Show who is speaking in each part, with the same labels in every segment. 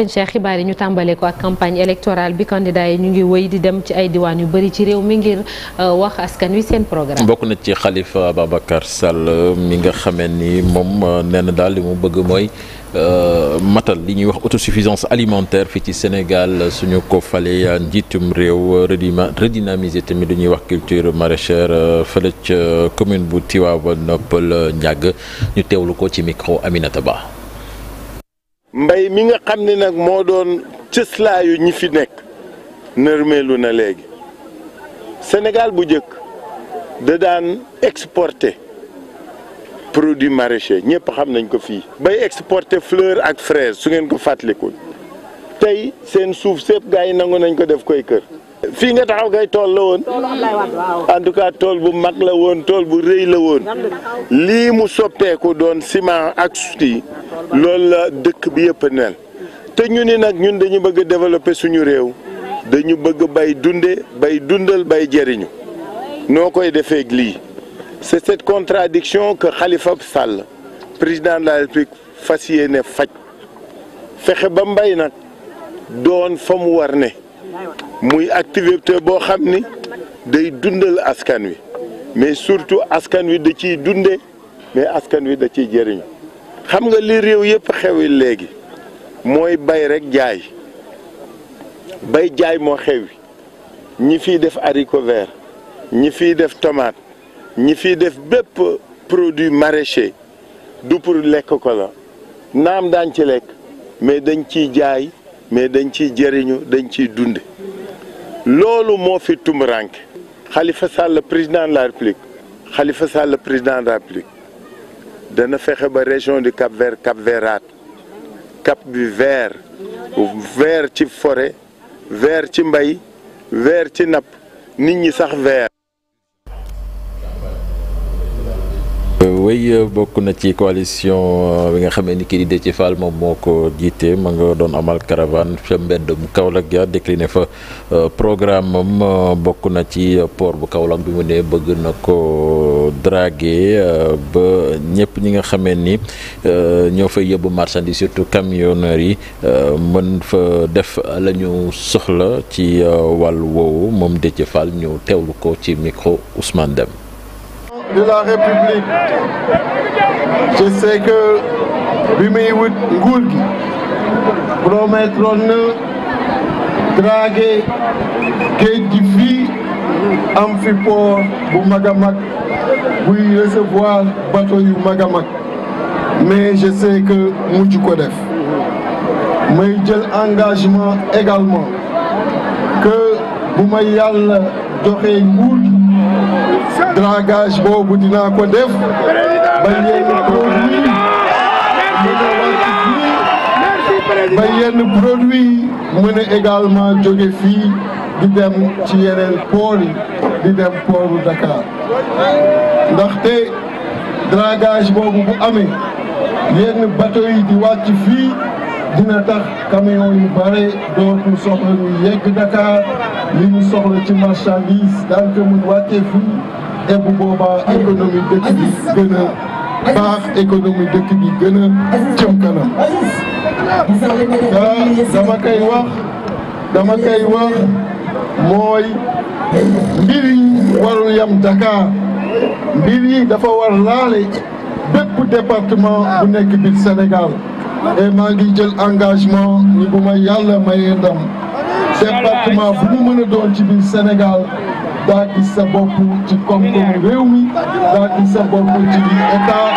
Speaker 1: sëñ Cheikh xibaar yi ñu tàmbale ko ak campagne électorale bi candidat yi ñu ngi wëy di dem ci ay diwaan yu bëri ci réew mi ngir euh, wax askan wi seen programme. bokk
Speaker 2: na ci Khalifa Babacar Sall euh, mi nga xamee ni moom euh, nee daal li mu bëgg mooy. matal li ñuy wax autosuffisance alimentaire fii ci Sénégal suñu ko falee njiitum réew redynamiser tamit li ñuy wax culture maraîchère fële ca commune bu Tivaouane Peulh Niaga ñu teewlu ko ci micro Aminata Ba.
Speaker 3: mbay mi nga xam ni nag moo doon cëslaayu ñi fi nekk nërmeelu na léegi Sénégal bu njëkk da daan exporter produit maraîcher ñëpp xam nañ ko fii bay exporter fleur ak fraise su ngeen ko fàttalikul tey seen suuf sépp gaa yi nangu nañ ko def koy kër fii nga taxaw kay tool la woon en tout cas tool bu mag la woon tool bu rëy la woon lii mu soppeeku doon ciment ak suti loolu la dëkk bi yëpp nel te ñu ni nag ñun dañu bëgg développer suñu réew dañu bëgg bay dunde bay dundal bay jëriñu noo koy defee ak lii c'est cette contradiction que Khalifa Sall président de la République fas yéene faj fexe ba mbay nag doon fa mu war ne muy activité boo xam ni day dundal askan wi mais surtout askan wi da ciy dunde mais askan wi da ciy jëriñu xam nga li réew yëpp xewi léegi mooy bay rek jaay bay jaay moo xewi ñi fiy def haricot vert ñi fiy def tomate ñi fiy def bépp produit maraîcher du pour lekk ko la naam daañ ci lekk mais dañ ciy jaay mais dañ ci jëriñu dañ ci dund loolu moo fi tumuranke xalifa Sall président la République xalifa Sall président de la République dana fexe ba région du Cap Vert Cap Vertaat cap bi vert vert ci forêt vert ci mbay vert ci nap nit ñi sax vert
Speaker 2: Euh, bokk na ci coalition euh, bi nga xamee ni kii di Déthié moom moo ko jiitee ma nga doon amal caravane ca mbeddum Kaolack ya décliné fa euh, programme am bokk na ci port bu Kaolack bi mu ne bëgg na ko dragué ba ñëpp ñi nga xamee ni ñoo fay yóbbu marchandise surtout camionneurs yi mën fa def la soxla ci wàll woowu moom Déthié Fall ñu teewlu ko ci micro Ousmane dem
Speaker 4: de la République je sais que bi muy wut nguur gi promettre na dragué géej gi fii am fi port bu mag a mag buy recevoir yu mag mais je sais que mujj ko def may jël engagement également que bu ma yàlla joxee nguur dragage boobu dinaa ko def ba yenn produit mën a fii yenn produit mën a également jóge fii di dem ci yeneen port di dem portu Dakar ndaxte dragage boobu bu ame yenn bateau yi di wàcc fii dina tax camion yu bare dootul soxla ñu yegg Dakar li ñu soxla ci marchandise daal ko wàccee fii et bu boobaa économie dëkk bi gën a baax économie dëkk bi gën a jëm kanam. dama koy wax dama koy wax mooy mbir warul yam Dakar mbir dafa war laale bépp département bu nekk biir Sénégal. et maa ngi jël engagement ni bu may yàlla mayee ndam. département bu mu mën a ci biir Sénégal daa gis sa bopp ci koom réew mi daa gis sa bopp ci biir état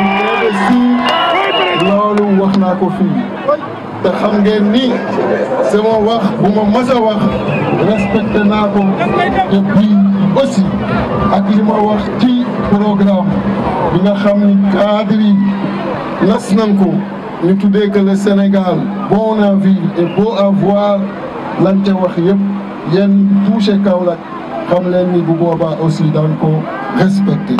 Speaker 4: bu investir loolu wax ko fii te xam ngeen ni sama wax bu ma mës wax respecté naa ko te bii aussi ak li ma wax ci programme bi nga xam ni cadre nas nañ ko ñu tuddee que le Sénégal bon à vivre et beau à voir lan ca wax yëpp yenn touché Kaolack xam leen ni bu boobaa aussi daan ko respecté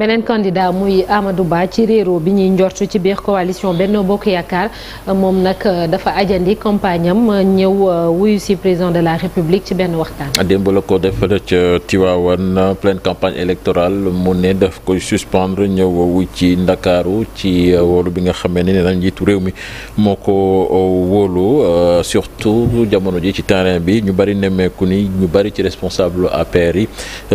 Speaker 1: beneen candidat muy Amadou Ba ci réeroo bi ñuy njortu ci biir coalition Benno Bokk Yaakaar moom nag euh, dafa ajandi campagne euh, ñëw euh, wuyu si président de la République ci benn waxtaan.
Speaker 2: démb la ko def ca Tivaouane pleine campagne électorale mu ne daf ko suspendre ñëw wuy ci Ndakaaru ci wóolu bi nga xamee ne na njiitu réew mi moo ko wóolu surtout jamono ji ci terrain bi ñu bari nemmeeku ni ñu bari ci responsable APR yi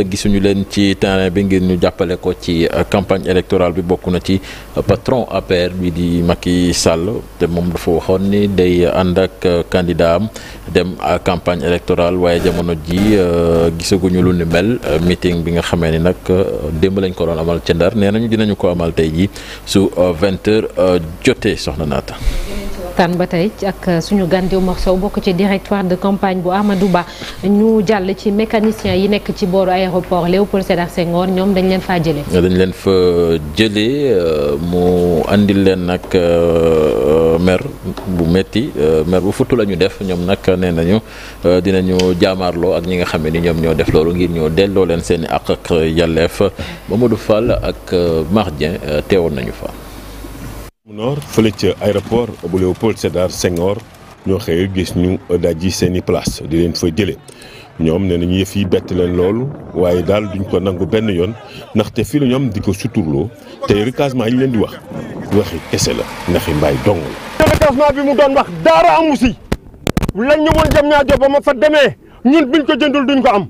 Speaker 2: gisuñu leen ci terrain bi ngir ñu jàppale ko ci. ci euh, campagne électorale bi bokk na ci euh, patron appaire bi di Macky Sall te moom dafa waxoon ni day ànd ak euh, candidat am dem campagne électorale waaye jamono ji gisaguñu lu ne mel meeting bi nga xamee ni nag démb lañ ko doon amal ca Ndar nee nañu dinañu ko amal tey ji su 20 heures jotee soxna naata.
Speaker 1: waxtaan ba tey ak suñu gan Omar Sow bokk ci directoire de campagne bu Amadou Ba ñu jàll ci mécanicien yi nekk ci booru aéroport Léopold Sédar Senghor ñoom dañ leen faa jëlee.
Speaker 2: dañ leen fa jëlee euh, mu indil leen nag euh, mer bu metti euh, mer bu futu la ñu def ñoom nag nee nañu dinañu jaamaarloo ak ñi nga xam ni ñoom ñoo def loolu ngir ñoo delloo leen seeni seen i àq ak yelleef Mamadou Fall ak Mardien teewoon nañu fa. mu noor fële ca aéroport bu Léopold Sédar Senghor ñoo xëy gis ñu dajji seen
Speaker 3: i place di leen fa jëlee ñoom nee nañu yëf yi bett leen loolu waaye daal duñ ko nangu benn yoon ndaxte fi la ñoom di ko suturloo tey recasement yi ñu leen di wax waxi kese
Speaker 2: la ndaxi mbaay dong la.
Speaker 5: recasement bi mu doon wax daara amu si lañ ñu woon jam ñaa ba ma fa demee ñun biñ ko jëndul duñ ko am.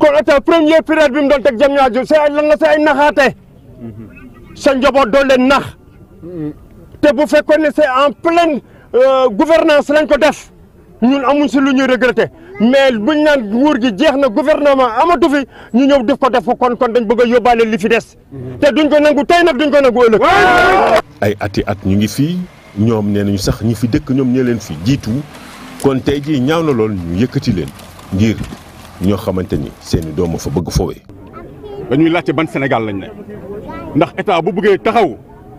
Speaker 5: kon état premier période bi mu doon teg jam ñaa job ay lan la ay naxaate. Mhm. sa njaboot doo leen nax te bu fekkoon ne c'est en pleine euh, gouvernance lañ ko def ñun amuñ si lu ñuy regretter mais buñ naan nguur gi jeex na gouvernement amatu fi ñu ñëw def ko def ko kon kon dañ bëgg a yóbbaale li fi des. te duñ ko nangu tey nag duñ ko nangu ëllëg.
Speaker 3: ay ati at ñu ngi fii ñoom nee ñu sax ñi fi dëkk ñoom ñoo leen fii jiitu kon tey jii ñaaw na lool ñu yëkkati leen ngir ñoo xamante ni seeni doom fa bëgg foowee.
Speaker 5: dañuy laajte ban Sénégal lañ ne. ndax état bu bëggee taxaw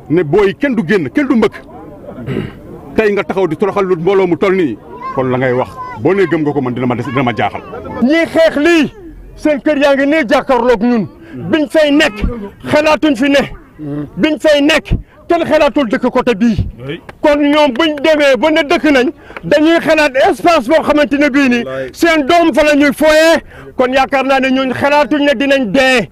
Speaker 5: ne booy kenn du génn kenn du mbëkk tey nga taxaw di toroxal lu mbooloo mu toll nii kon la ngay wax boo ne gëm nga ko man dina ma des dina ma jaaxal. lii xeex lii seen kër yaa ngi nii jàkkaarloog ñun biñ fay nekk xalaatuñ fi ne biñ fay nekk. kenn xalaatul dëkk côté bii kon ñoom buñ demee ba ne dëkk nañ dañuy xalaat espace boo xamante ne bii nii seen doom fa la ñuy fooyee kon yaakaar naa ne ñooñ xalaatuñ ne dinañ dee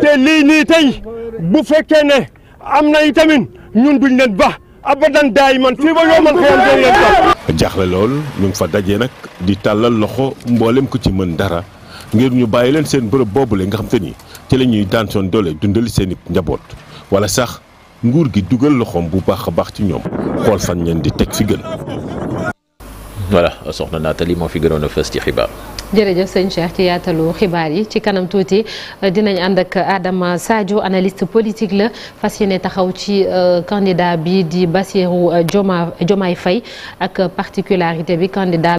Speaker 5: te lii nii tey bu fekkee ne am na itamit ñun duñ leen ba abadan daay man fii ba yoo man xëyam leen
Speaker 3: ba jaaxle lool ñu fa dajee nag di tàllal loxo mboolem ko ci mën dara ngir ñu bàyyi leen seen bërëb boobule nga xam te ni ci la ñuy daan soon doole dundali seen i njaboot wala sax nguur gi dugal
Speaker 2: loxoom bu baax a baax ci ñoom xool fan ngeen di teg fi gën voilà soxna Nathalie moo fi gënoon a fës ci xibaar.
Speaker 1: jërëjëf sëñ Cheikh ci yaatalu xibaar yi ci kanam tuuti euh, dinañ ànd ak Adama Sadio analyste politique la fas yéene taxaw ci euh, candidat bi di Bassirou euh, Diomaye Diomaye Faye ak particularité bi candidat.